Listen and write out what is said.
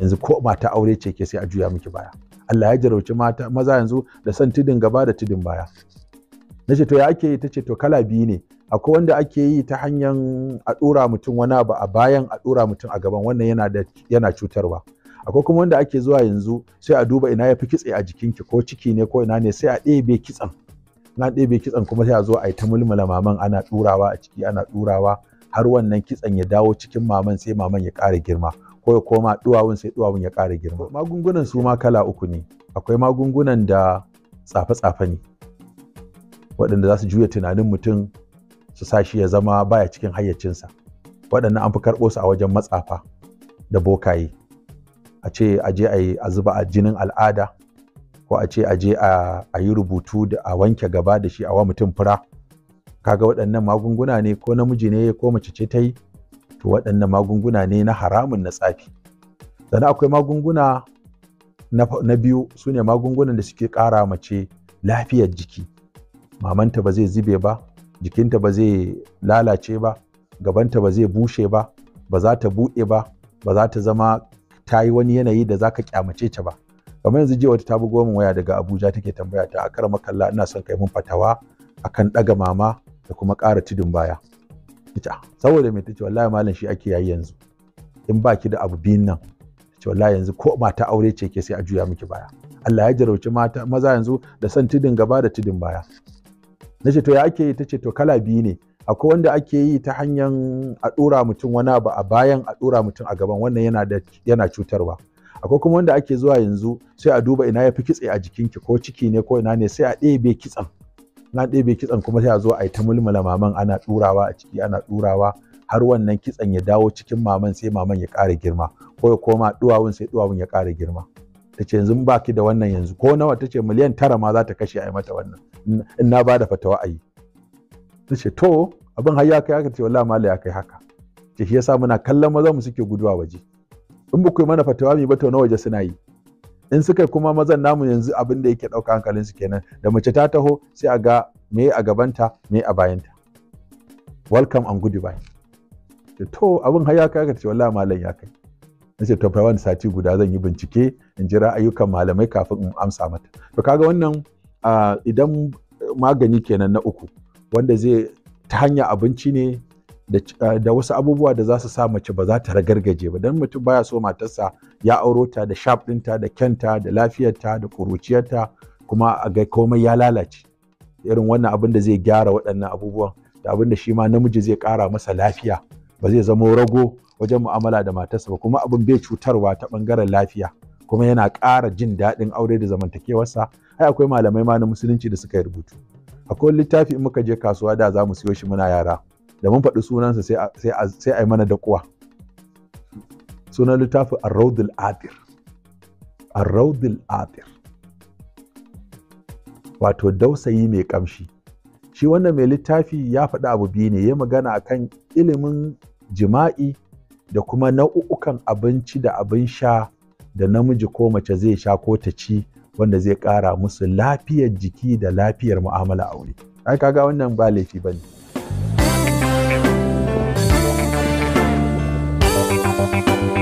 yanzu ko mata aure ce ke sai a juya miki baya Allah ya jarauci mata maza yanzu da san tudun gaba da tudun baya nace to ya ake yi tace to kala biyu ne akwai wanda ake yi ta hanyar a dora mutum wani abu a bayan a dora mutum a gaban wannan yana da yana cutarwa akwai kuma wanda ake zuwa yanzu sai a duba ina ya fi kitse a ki? ko ciki ne ko ina ne sai a ɗebe kitsen na ɗebe kitsen kuma sai a zo a yi ta mulmula maman ana ɗurawa a ciki ana ɗurawa har wannan kitsen ya dawo cikin maman sai maman ya ƙara girma ko ya koma duwawun sai duwawun ya ƙara girma magungunan su ma kala uku ne akwai magungunan da tsafe-tsafe ne waɗanda za su juya tunanin mutum su sa shi ya zama baya cikin hayyacinsa waɗannan an fi karɓo su a wajen matsafa da bokaye a ce a je a yi a zuba a jinin al'ada ko a ce a je a yi rubutu da a wanke gaba da shi a wa mutum fura kaga waɗannan magunguna ne ko namiji ne ko mace ce ta yi to waɗannan magunguna ne na haramun na tsafi sannan akwai magunguna na biyu su ne magungunan da suke ƙara mace lafiyar jiki mamanta ba zai zube ba jikinta ba zai lalace ba gabanta ba zai bushe ba ba za ta buɗe ba ba za ta zama ta yi wani yanayi da za ka kyamace ta ba kamar yanzu jiya wata ta bugo min waya daga abuja take tambaya ta a kara makalla ina son kai mun fatawa akan ɗaga mama da kuma ƙara tudun baya ta saboda mai tace wallahi malam shi ake yayi yanzu in baki da abu biyun nan tace wallahi yanzu ko mata aure ce ke sai a juya miki baya Allah ya jarauci mata maza yanzu da san tudin gaba da tudin baya nace to ya ake yi tace to kala biyu ne akwai wanda ake yi ta hanyar a dora mutum wani abu a bayan a dora mutum a gaban wannan yana da yana cutarwa akwai kuma wanda ake zuwa yanzu sai a duba ina ya fi kitse a jikinki ko ciki ne ko ina ne sai a ɗebe kitsen na ɗebe kitsan kuma sai a zo a yi ta mulmula maman ana ɗurawa a ciki ana ɗurawa har wannan kitsan ya dawo cikin maman sai maman ya ƙara girma ko ya koma duwawun sai duwawun ya ƙara girma ta ce yanzu ba ki da wannan yanzu ko nawa ta ce miliyan tara ma za ta kashe a yi mata wannan in na ba da fatawa a yi ta ce to abin har ya kai haka ce wallahi mala ya kai haka ce shi yasa muna kallon maza mu suke guduwa waje in ba ku yi mana fatawa mu ba to na waje suna yi in suka kuma mazan namu yanzu abin da yake ɗauka su kenan da mace ta taho sai a ga me a gabanta me a bayanta welcome and goodbye to abin har ya kai ka ce wallahi malam ya kai ce to fa wani sati guda zan yi bincike in jira ayyukan malamai kafin in amsa mata to kaga wannan idan magani kenan na uku wanda zai ta hanya abinci ne da wasu abubuwa da za su sa mace ba za ta ragargaje ba don mutum baya so matarsa ya auro ta da sharp ɗinta da kyanta da lafiyarta da ƙuruciyarta kuma a ga komai ya lalace irin wannan abin da zai gyara waɗannan abubuwan da abin da shi ma namiji zai ƙara masa lafiya ba zai zamo rago wajen mu'amala da matarsa ba kuma abin bai cutarwa ta ɓangaren lafiya kuma yana ƙara jin daɗin aure da zamantakewarsa ai akwai malamai ma na musulunci da suka yi rubutu akwai littafi in muka je kasuwa da za mu siyo shi muna yara da mun faɗi sunansa sai a yi mana kuwa. sunan littafi arraudul adir arraudul adir wato dausayi mai kamshi shi wannan mai littafi ya faɗa abu biyu ne ya magana akan ilimin jima'i da kuma nau'ukan abinci da abin sha da namiji ko mace zai sha ko ta ci wanda zai ƙara musu lafiyar jiki da lafiyar mu'amala aure. Ai kaga wannan ba laifi bane. ne.